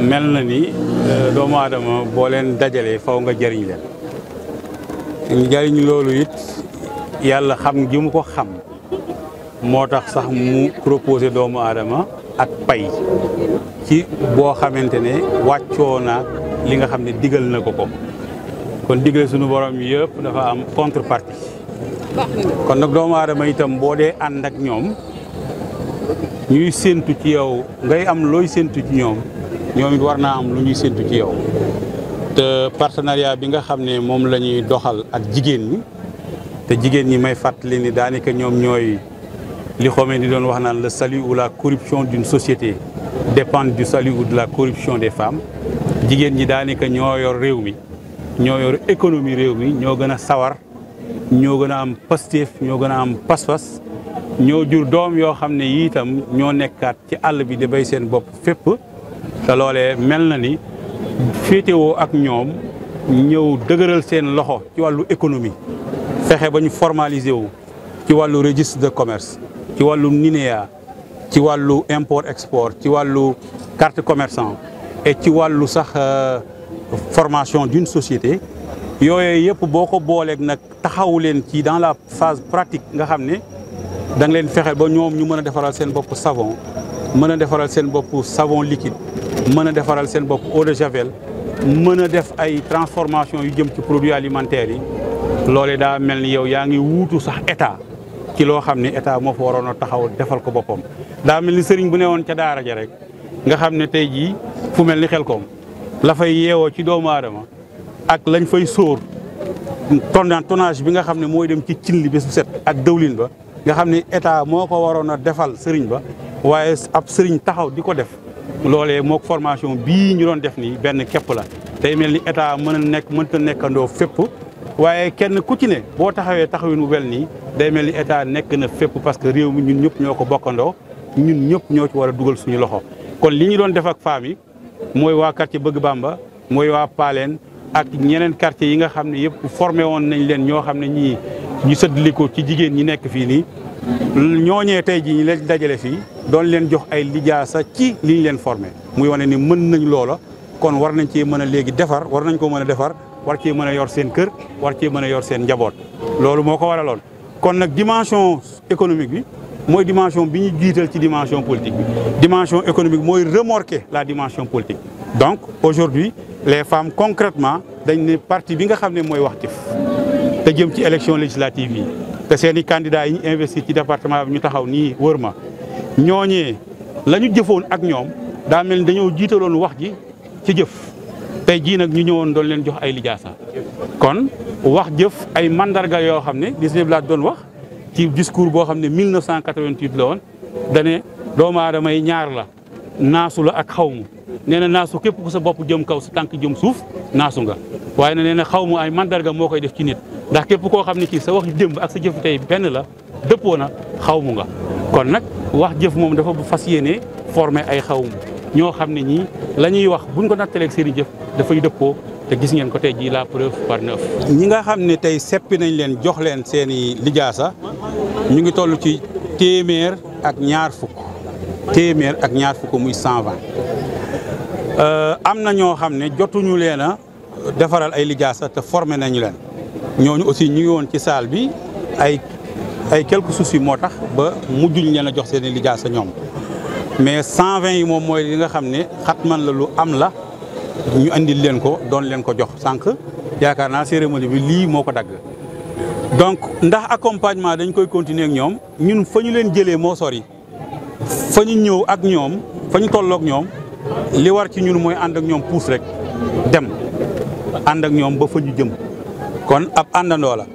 mel na ni euh, doomu aadama boo leen dajalee faw nga jariñ leen jariñ loolu it yàlla xam ji mu ko xam moo tax sax mu proposé doomu aadama ak pay ci boo xamante ne wàccoo naag li nga xam ne digal na ko ko kon digal suñu borom yëpp dafa am contrepartie kon nag doomu aadama itam boo dee ànd ak ñoom ñuy séentu ci yow ngay am looy séentu ci ñoom ñoom it war naa am lu ñuy séntu ci yow te partenariat bi nga xam ne moom la ñuy doxal ak jigéen ñi te jigéen ñi may fàttali ni daanaka ñoom ñooy li xomee ni doon wax naan la salut ou la corruption d'une société dépend du salut ou de la corruption des femmes jigéen ñi daanaka ñoo yor réew mi ñoo yor économie réew mi ñoo gën a sawar ñoo gën a am pastéef ñoo gën a am pas-pas ñoo jur doom yoo xam ne itam ñoo nekkaat ci àll bi di bay seen bopp fépp te loolee mel na ni féetewoo ak ñoom ñëw dëgëral seen loxo ci wàllu économie fexe ba ñu formaliser wu ci wàllu registre de commerce ci wàllu NINEA ci wàllu import export ci wàllu carte commerçant et ci wàllu sax euh, formation d'une société yooyu yëpp boo ko booleeg nag taxawu leen ci dans la phase pratique nga xam ni da leen fexe ba ñoom ñu mën a defaral seen bopp savon mën a defaral seen bopp savon liquide mën a defaral seen bopp eau de javel mën a def ay transformation yu jëm ci produits alimentaires yi loole daa mel ni yow yaa ngi wuutu sax état ci loo xam ne état moo fa waroon a taxaw defal ko boppam daa mel ni sëriñ bu ne woon ca daara ja rek nga xam ne tey jii fu mel ni xel koom lafay yeewoo ci doomu aadama ak lañ fay sóor tonnant tonnage bi nga xam ne mooy dem ci cin li bés bu set ak dëwlin ba nga xam ne état moo ko waroon a defal sëriñ ba waaye ab sëriñ taxaw di ko def loole moog formation bii ñu doon def nii benn képp la day mel ni état mën a nekk mënta nekkandoo fépp waaye kenn ku ci ne boo taxawee taxawin wu wel nii day mel ni état nekk na fépp parce que réew mi ñun ñëpp ñoo ko bokkandoo ñun ñëpp ñoo ci war a dugal suñu loxo kon li ñu doon def ak femmes yi mooy waa quartier Bëgg Bamba mooy waa Paaleen ak ñeneen quartier yi nga xam ne yëpp formé woon nañ leen ñoo xam ne ñii ñu sëddli ko ci jigéen ñi nekk fii nii ñooñee tey jii ñu leen dajale fii doon leen jox ay sax ci li leen formé muy wane ni mën nañ loola kon war nañ cee mën a léegi defar war nañ ko mën a defar war cee mën a yor seen kër war cee mën a yor seen njaboot loolu moo ko waraloon kon nag dimension économique bi mooy dimension bi ñu jiital ci dimension politique bi dimension économique mooy remorquer la dimension politique donc aujourd'hui les femmes concretement dañ ne parti bi nga xam ne mooy Waxtif te jëm ci élection législative yi te seen i candidats yi ñu investir ci département bi ñu taxaw nii wër ma ñooñee la ñu jëfoon ak ñoom daa mel ni dañoo jiitaloon wax ji ci jëf tey jii nag ñu ñëwoon doon leen jox ay lijaasa kon wax jëf ay mandarga yoo xam ne dix-neuf laa doon wax ci discours boo xam ne 1988 la woon dane doomu aadama yi ñaar la naasu la ak xawmu nee na naasu képp ku sa bopp jëm kaw sa tànk jëm suuf naasu nga waaye nee na xawmu ay mandarga moo koy def ci nit ndax képp koo xam ne kii sa wax démb ak sa jëf tey benn la dëppoo na xawmu nga kon nag wax jëf moom dafa fas yéene formé ay xawm ñoo xam ne ñii la ñuy wax buñ ko nattaleeg seen i jëf dafay dëppoo te gis ngeen ko tey jii la preuve par neuf. ñi nga xam ne tey seppi nañ leen jox leen seeni lijaa lijaasa ñu ngi toll ci téeméer ak ñaar fukk téeméer ak ñaar fukk muy cent vingt euh, am na ñoo xam ne jotuñu leen a defaral ay lijaasa te formé nañu leen ñooñu aussi ñu ngi woon ci salle bi ay ay quelques soucis moo tax ba mujjuñ leen a jox seen i sa ñoom mais 120 yi moom mooy li nga xam ne xatman la lu am la ñu andil leen ko doon leen ko jox sànq yaakaar naa cérémonie bi lii moo ko dagg. donc ndax accompagnement dañ koy continuer ak ñoom ñun fa ñu leen jëlee moo sori fa ñu ñëw ak ñoom fa ñu tolloog ñoom li war ci ñun mooy ànd ak ñoom puus rek dem ànd ak ñoom ba fa ñu jëm kon ab àndandoo la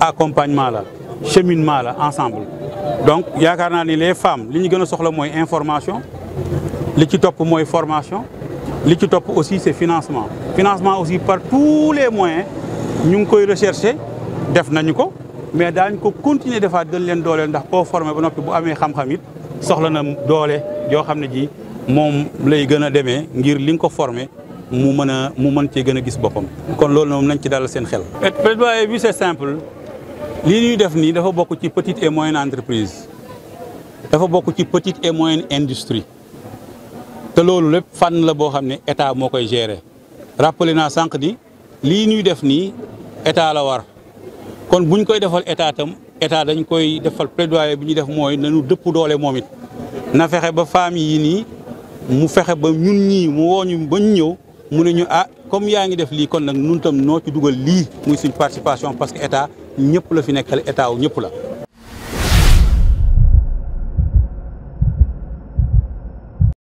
accompagnement la. cheminement la ensemble donc yaakaar naa ni les femmes li ñu gën a soxla mooy information li ci topp mooy formation li ci topp aussi c'est financement financement aussi par tous les moyens ñu ngi koy rechercher def nañu ko mais daañu ko continuer defaat gën leen dooleel ndax koo formé ba noppi bu amee xam-xam soxla na doole yoo xam ne ji moom lay gën a demee ngir li nga ko formé mu mën a mu mën cee gën a gis boppam kon loolu moom nañ ci dalal seen xel lii ñuy def nii dafa bokk ci petite et moyenne entreprise dafa bokk ci petite et moyenne industrie te loolu lépp fànn la boo xam ne état moo koy gérer rappelé naa sànq ni lii ñuy def nii état la war kon buñ koy defal état tam état dañ koy defal plaidoyer bu ñu def mooy nañu dëpp doole moom it na fexe ba famille yi nii mu fexe ba ñun ñii mu woo ñu ba ñu ñëw mu ne ñu ah comme yaa ngi def lii kon nag nun tam noo ci dugal lii muy suñ participation parce que état ñëpp la fi nekkal état wu ñëpp la